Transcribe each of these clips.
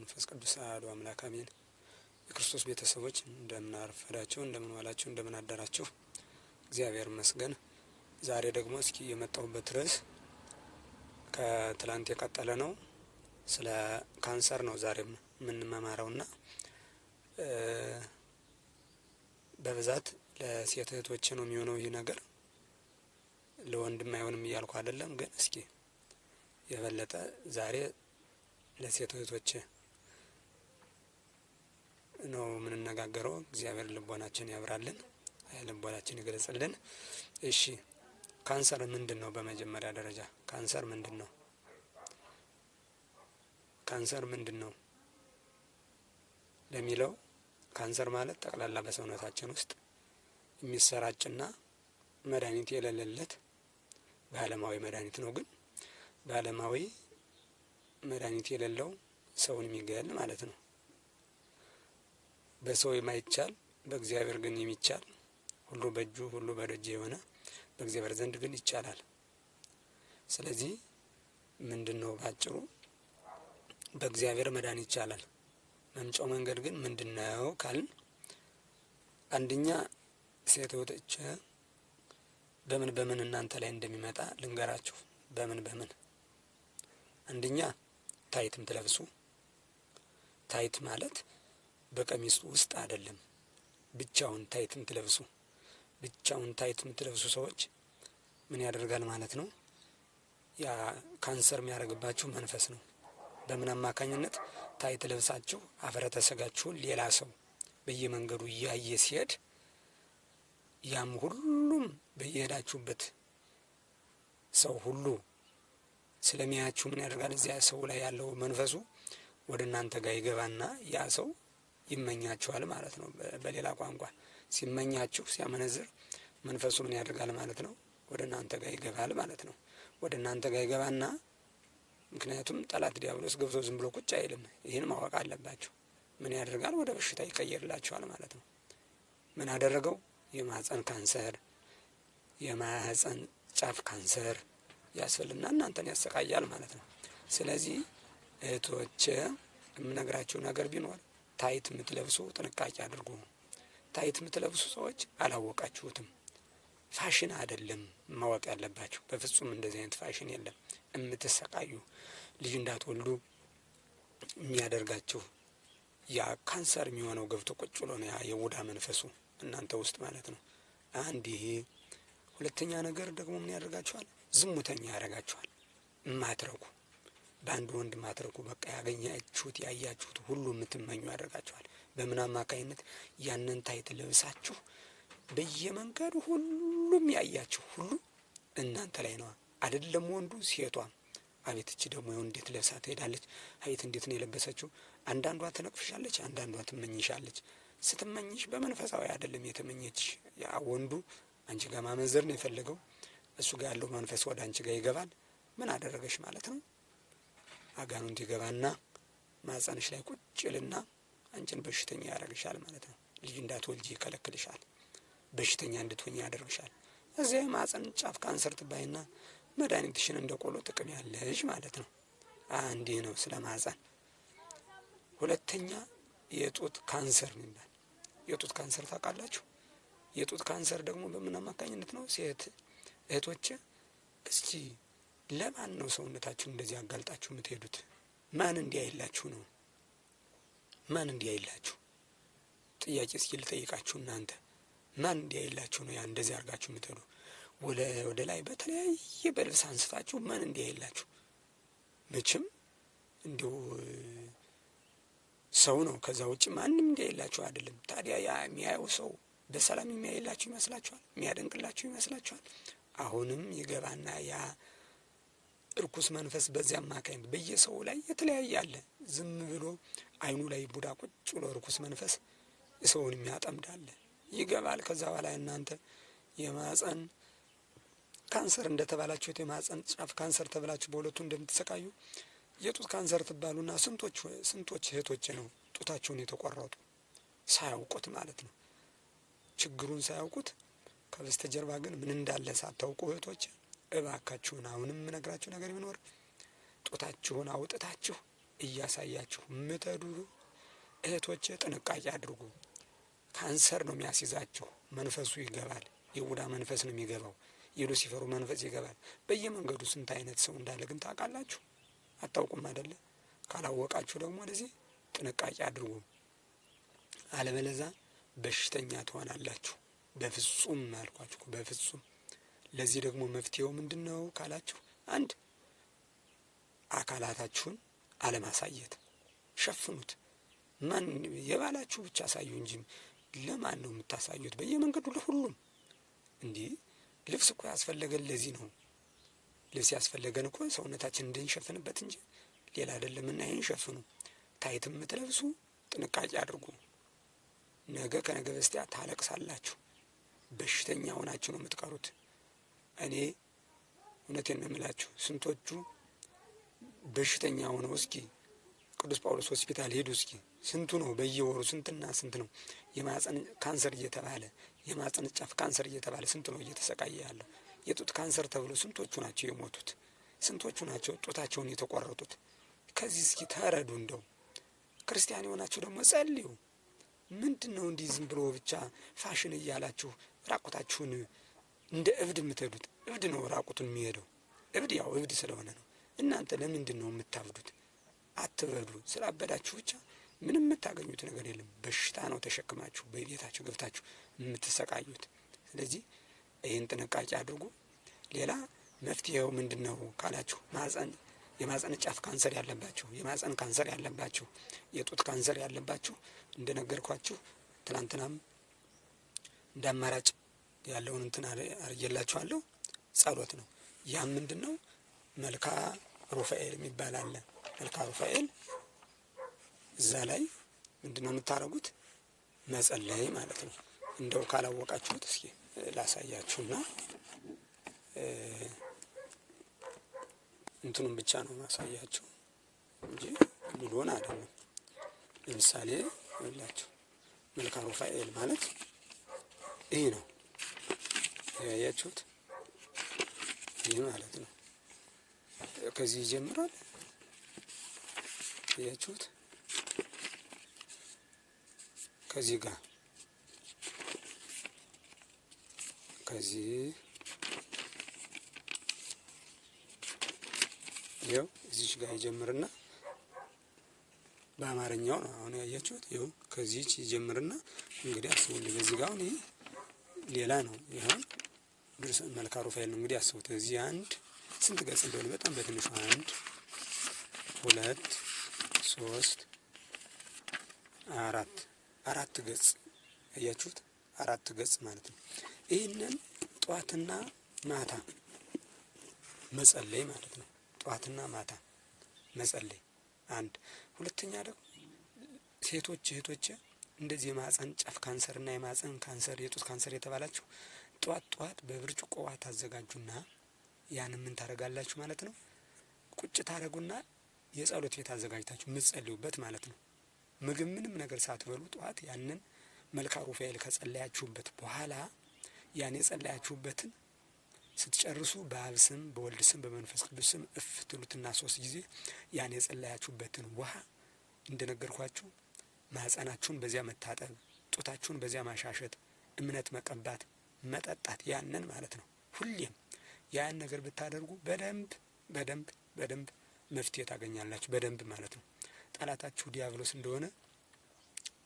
መንፈስ ቅዱስ አሐዱ አምላክ አሜን። የክርስቶስ ቤተሰቦች እንደምን አረፈዳችሁ፣ እንደምን ዋላችሁ፣ እንደምን አደራችሁ? እግዚአብሔር ይመስገን። ዛሬ ደግሞ እስኪ የመጣሁበት ርዕስ ከትላንት የቀጠለ ነው። ስለ ካንሰር ነው ዛሬ ና በብዛት ለሴት እህቶች ነው የሚሆነው ይህ ነገር። ለወንድም አይሆንም እያልኩ አይደለም፣ ግን እስኪ የበለጠ ዛሬ ለሴት እህቶች ነው የምንነጋገረው። እግዚአብሔር ልቦናችን ያብራልን፣ ልቦናችን ይገለጽልን። እሺ ካንሰር ምንድን ነው? በመጀመሪያ ደረጃ ካንሰር ምንድን ነው? ካንሰር ምንድን ነው ለሚለው ካንሰር ማለት ጠቅላላ በሰውነታችን ውስጥ የሚሰራጭና መድኃኒት የሌለለት በዓለማዊ መድኃኒት ነው። ግን በዓለማዊ መድኃኒት የሌለው ሰውን የሚገል ማለት ነው። በሰው የማይቻል በእግዚአብሔር ግን የሚቻል ሁሉ በእጁ ሁሉ በደጅ የሆነ በእግዚአብሔር ዘንድ ግን ይቻላል። ስለዚህ ምንድን ነው ባጭሩ በእግዚአብሔር መዳን ይቻላል። መምጫው መንገድ ግን ምንድን ነው ካልን አንደኛ ሴት ወጥቼ በምን በምን እናንተ ላይ እንደሚመጣ ልንገራችሁ። በምን በምን አንደኛ ታይትም ትለብሱ ታይት ማለት በቀሚስ ውስጥ አይደለም። ብቻውን ታይት የምትለብሱ ብቻውን ታይት የምትለብሱ ሰዎች ምን ያደርጋል ማለት ነው? ያ ካንሰር የሚያደርግባችሁ መንፈስ ነው። በምን አማካኝነት ታይት ለብሳችሁ አፈረተ ስጋችሁን ሌላ ሰው በየመንገዱ እያየ ሲሄድ ያም ሁሉም በየሄዳችሁበት ሰው ሁሉ ስለሚያያችሁ ምን ያደርጋል? እዚያ ሰው ላይ ያለው መንፈሱ ወደ እናንተ ጋር ይገባና ያ ሰው ይመኛቸዋል ማለት ነው። በሌላ ቋንቋ ሲመኛችሁ ሲያመነዝር መንፈሱ ምን ያደርጋል ማለት ነው? ወደ እናንተ ጋር ይገባል ማለት ነው። ወደ እናንተ ጋር ይገባና ምክንያቱም ጠላት ዲያብሎስ ገብቶ ዝም ብሎ ቁጭ አይልም። ይህን ማወቅ አለባችሁ። ምን ያደርጋል? ወደ በሽታ ይቀየርላችኋል ማለት ነው። ምን አደረገው? የማህፀን ካንሰር፣ የማህፀን ጫፍ ካንሰር ያስፈልና እናንተን ያሰቃያል ማለት ነው። ስለዚህ እህቶቼ የምነግራችሁ ነገር ቢኖር ታይት የምትለብሱ ጥንቃቄ አድርጉ። ታይት የምትለብሱ ሰዎች አላወቃችሁትም። ፋሽን አይደለም ማወቅ ያለባችሁ። በፍጹም እንደዚህ አይነት ፋሽን የለም። የምትሰቃዩ ልጅ እንዳትወልዱ የሚያደርጋችሁ ያ ካንሰር የሚሆነው ገብቶ ቁጭ ብሎ ነው። የቡዳ መንፈሱ እናንተ ውስጥ ማለት ነው። አንድ ይሄ ሁለተኛ ነገር ደግሞ ምን ያደርጋችኋል? ዝሙተኛ ያደርጋችኋል። እማትረኩ በአንድ ወንድ ማትረኩ በቃ ያገኛችሁት ያያችሁት ሁሉ የምትመኙ ያደርጋችኋል። በምን አማካኝነት? ያንን ታይት ለብሳችሁ በየመንገዱ ሁሉም ያያችሁ ሁሉ እናንተ ላይ ነዋ። አይደለም ወንዱ ሴቷም። አቤት እቺ ደግሞ ይሁን እንዴት ለብሳ ትሄዳለች? ሀይት እንዴት ነው የለበሰችው? አንዳንዷ ትነቅፍሻለች፣ አንዳንዷ ትመኝሻለች። ስትመኝሽ በመንፈሳዊ አይደለም የተመኘች። ያ ወንዱ አንቺ ጋር ማመንዘር ነው የፈለገው። እሱ ጋር ያለው መንፈስ ወደ አንቺ ጋር ይገባል። ምን አደረገሽ ማለት ነው። አጋኑንት ይገባና ማህፀንሽ ላይ ቁጭልና አንቺን በሽተኛ ያደርግሻል ማለት ነው። ልጅ እንዳትወልጂ ይከለክልሻል፣ በሽተኛ እንድትሆኝ ያደርግሻል። እዚያ የማህፀን ጫፍ ካንሰር ትባይና መድኃኒትሽን እንደ ቆሎ ጥቅም ያለሽ ማለት ነው። አንዴ ነው ስለ ማህፀን። ሁለተኛ የጡት ካንሰር የሚባል የጡት ካንሰር ታውቃላችሁ? የጡት ካንሰር ደግሞ በምን አማካኝነት ነው? ሴት እህቶች እስቲ ለማን ነው ሰውነታችሁን እንደዚህ አጋልጣችሁ የምትሄዱት? ማን እንዲያይላችሁ ነው? ማን እንዲያይላችሁ? ጥያቄ እስኪ ልጠይቃችሁ እናንተ ማን እንዲያይላችሁ ነው ያ እንደዚህ አድርጋችሁ የምትሄዱ? ወደ ላይ በተለያየ በልብስ አንስታችሁ ማን እንዲያይላችሁ? መቼም እንዲሁ ሰው ነው። ከዛ ውጭ ማንም እንዲያይላችሁ አይደለም። ታዲያ ያ የሚያየው ሰው በሰላም የሚያይላችሁ ይመስላችኋል? የሚያደንቅላችሁ ይመስላችኋል? አሁንም ይገባና ያ እርኩስ መንፈስ በዚያ አማካኝነት በየሰው ላይ የተለያየ አለ። ዝም ብሎ አይኑ ላይ ቡዳ ቁጭ ብሎ እርኩስ መንፈስ ሰውን የሚያጠምዳለ ይገባል። ከዛ በኋላ እናንተ የማፀን ካንሰር እንደተባላችሁት የማፀን ጫፍ ካንሰር ተብላችሁ በሁለቱ እንደምትሰቃዩ የጡት ካንሰር ትባሉና ስንቶች ስንቶች እህቶች ነው ጡታቸውን የተቆረጡ ሳያውቁት ማለት ነው። ችግሩን ሳያውቁት ከበስተጀርባ ግን ምን እንዳለ ሳታውቁ እህቶች እባካችሁን አሁንም የምነግራችሁ ነገር ቢኖር ጡታችሁን አውጥታችሁ እያሳያችሁ ምተዱ እህቶች ጥንቃቄ አድርጉ። ካንሰር ነው የሚያስይዛችሁ። መንፈሱ ይገባል። የቡዳ መንፈስ ነው የሚገባው። የሉሲፈሩ መንፈስ ይገባል። በየመንገዱ ስንት አይነት ሰው እንዳለ ግን ታውቃላችሁ? አታውቁም አይደለ? ካላወቃችሁ ደግሞ ወደዚህ ጥንቃቄ አድርጉ። አለበለዛ በሽተኛ ትሆናላችሁ። በፍጹም አልኳችሁ፣ በፍጹም ለዚህ ደግሞ መፍትሄው ምንድን ነው ካላችሁ፣ አንድ አካላታችሁን አለማሳየት፣ ሸፍኑት። ማን የባላችሁ ብቻ አሳዩ እንጂ ለማን ነው የምታሳዩት? በየመንገዱ ለሁሉም። እንዲህ ልብስ እኮ ያስፈለገን ለዚህ ነው። ልብስ ያስፈለገን እኮ ሰውነታችን እንድንሸፍንበት እንጂ ሌላ አይደለም። እና ይህን ሸፍኑ። ታይትም የምትለብሱ ጥንቃቄ አድርጉ። ነገ ከነገ በስቲያ ታለቅሳላችሁ። በሽተኛ ሆናችሁ ነው የምትቀሩት። እኔ እውነት የምላችሁ ስንቶቹ በሽተኛ ሆነው እስኪ ቅዱስ ጳውሎስ ሆስፒታል ሄዱ እስኪ ስንቱ ነው በየወሩ ስንትና ስንት ነው የማህፀን ካንሰር እየተባለ የማጽንጫፍ ጫፍ ካንሰር እየተባለ ስንት ነው እየተሰቃየ ያለው የጡት ካንሰር ተብሎ ስንቶቹ ናቸው የሞቱት ስንቶቹ ናቸው ጡታቸውን የተቆረጡት ከዚህ እስኪ ተረዱ እንደው ክርስቲያን የሆናችሁ ደግሞ ጸልዩ ምንድን ነው እንዲህ ዝም ብሎ ብቻ ፋሽን እያላችሁ ራቁታችሁን እንደ እብድ የምትሄዱት? እብድ ነው ራቁቱን የሚሄደው። እብድ ያው እብድ ስለሆነ ነው። እናንተ ለምንድን ነው የምታብዱት? አትበዱ። ስላበዳችሁ ብቻ ምንም የምታገኙት ነገር የለም። በሽታ ነው ተሸክማችሁ በቤታችሁ ገብታችሁ የምትሰቃዩት። ስለዚህ ይህን ጥንቃቄ አድርጉ። ሌላ መፍትሄው ምንድን ነው ካላችሁ ማህፀን የማህፀን ጫፍ ካንሰር ያለባችሁ፣ የማፀን ካንሰር ያለባችሁ፣ የጡት ካንሰር ያለባችሁ እንደነገርኳችሁ ትናንትናም እንደ አማራጭ ያለውን እንትን አርጀላችኋለሁ። ጸሎት ነው። ያም ምንድን ነው መልካ ሩፋኤል የሚባል አለ። መልካ ሩፋኤል እዛ ላይ ምንድን ነው የምታደርጉት? መጸለይ ማለት ነው። እንደው ካላወቃችሁት እስኪ ላሳያችሁና እንትኑን ብቻ ነው ማሳያችሁ እንጂ ሙሉን አይደለም። ለምሳሌ ላችሁ መልካ ሩፋኤል ማለት ይህ ነው። ያያችሁት ይህ ማለት ነው። ከዚህ ይጀምራል። ያያችሁት ከዚህ ጋር ከዚህ ይኸው እዚች ጋር ይጀምርና በአማርኛው ነው አሁን ያያችሁት። ይኸው ከዚች ይጀምርና እንግዲህ አስቡልኝ። በዚህ ጋር አሁን ይሄ ሌላ ነው ይሁን ቅዱስ መልካ ሩፋኤል ነው። እንግዲህ አስቡት እዚህ አንድ ስንት ገጽ እንደሆነ በጣም በትንሹ አንድ ሁለት ሶስት አራት አራት ገጽ እያችሁት አራት ገጽ ማለት ነው። ይህንን ጠዋትና ማታ መጸለይ ማለት ነው። ጠዋትና ማታ መጸለይ አንድ። ሁለተኛ ደግሞ ሴቶች እህቶች እንደዚህ የማህፀን ጫፍ ካንሰርና የማህፀን ካንሰር የጡት ካንሰር የተባላችሁ ጧት ጧት በብርጭቆ ውሃ ታዘጋጁና ያን ምን ታደርጋላችሁ ማለት ነው? ቁጭ ታደርጉና የጸሎት ቤት አዘጋጅታችሁ የምትጸልዩበት ማለት ነው። ምግብ ምንም ነገር ሳትበሉ ጧት ያንን መልካ ሩፋኤል ከጸለያችሁበት በኋላ ያን የጸለያችሁበትን ስትጨርሱ በአብ ስም በወልድ ስም በመንፈስ ቅዱስ ስም እፍ ትሉትና ሶስት ጊዜ ያን የጸለያችሁበትን ውሃ እንደነገርኳችሁ ማህጸናችሁን በዚያ መታጠብ፣ ጡታችሁን በዚያ ማሻሸት፣ እምነት መቀባት መጠጣት ያንን ማለት ነው። ሁሌም ያን ነገር ብታደርጉ በደንብ በደንብ በደንብ መፍትሄ ታገኛላችሁ። በደንብ ማለት ነው። ጠላታችሁ ዲያብሎስ እንደሆነ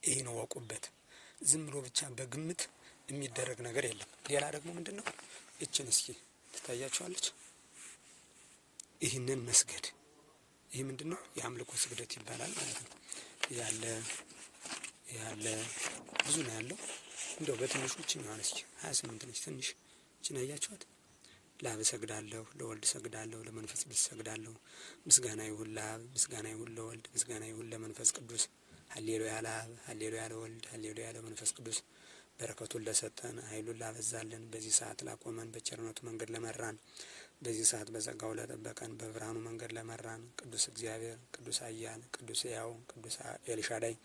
ይህን ወቁበት። ዝም ብሎ ብቻ በግምት የሚደረግ ነገር የለም። ሌላ ደግሞ ምንድን ነው? እችን እስኪ ትታያችኋለች። ይህንን መስገድ ይህ ምንድን ነው? የአምልኮ ስግደት ይባላል ማለት ነው። ያለ ያለ ብዙ ነው ያለው እንደው በትንሹ እችን ሆነ እስኪ ሀያ ስምንት ነች ትንሽ እችን አያችኋት። ለአብ እሰግዳለሁ፣ ለወልድ እሰግዳለሁ፣ ለመንፈስ ቅዱስ እሰግዳለሁ። ምስጋና ይሁን ለአብ፣ ምስጋና ይሁን ለወልድ፣ ምስጋና ይሁን ለመንፈስ ቅዱስ። ሀሌሉያ ለአብ፣ ሀሌሉያ ለወልድ፣ ሀሌሉያ ለመንፈስ ቅዱስ። በረከቱን ለሰጠን፣ ኃይሉን ላበዛልን፣ በዚህ ሰዓት ላቆመን፣ በቸርነቱ መንገድ ለመራን፣ በዚህ ሰዓት በጸጋው ለጠበቀን፣ በብርሃኑ መንገድ ለመራን ቅዱስ እግዚአብሔር፣ ቅዱስ ኃያል፣ ቅዱስ ያው፣ ቅዱስ ኤልሻዳይ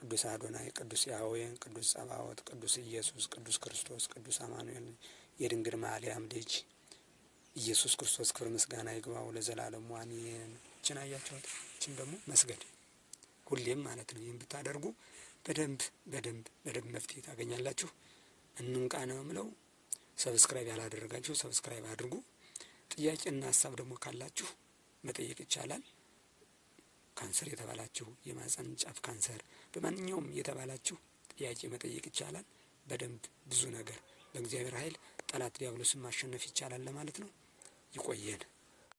ቅዱስ አዶናይ፣ ቅዱስ ያህዌ፣ ቅዱስ ጸባዖት፣ ቅዱስ ኢየሱስ፣ ቅዱስ ክርስቶስ፣ ቅዱስ አማኑኤል የድንግል ማርያም ልጅ ኢየሱስ ክርስቶስ ክብር ምስጋና ይግባው ለዘላለሙ አሜን። ችን አያቸዋት ችን ደግሞ መስገድ ሁሌም ማለት ነው። ይህም ብታደርጉ በደንብ በደንብ በደንብ መፍትሄ ታገኛላችሁ። እንንቃ ነው የምለው። ሰብስክራይብ ያላደረጋችሁ ሰብስክራይብ አድርጉ። ጥያቄና ሀሳብ ደግሞ ካላችሁ መጠየቅ ይቻላል። ካንሰር የተባላችሁ፣ የማህፀን ጫፍ ካንሰር፣ በማንኛውም የተባላችሁ ጥያቄ መጠየቅ ይቻላል። በደንብ ብዙ ነገር በእግዚአብሔር ኃይል ጠላት ዲያብሎስን ማሸነፍ ይቻላል ለማለት ነው። ይቆየን።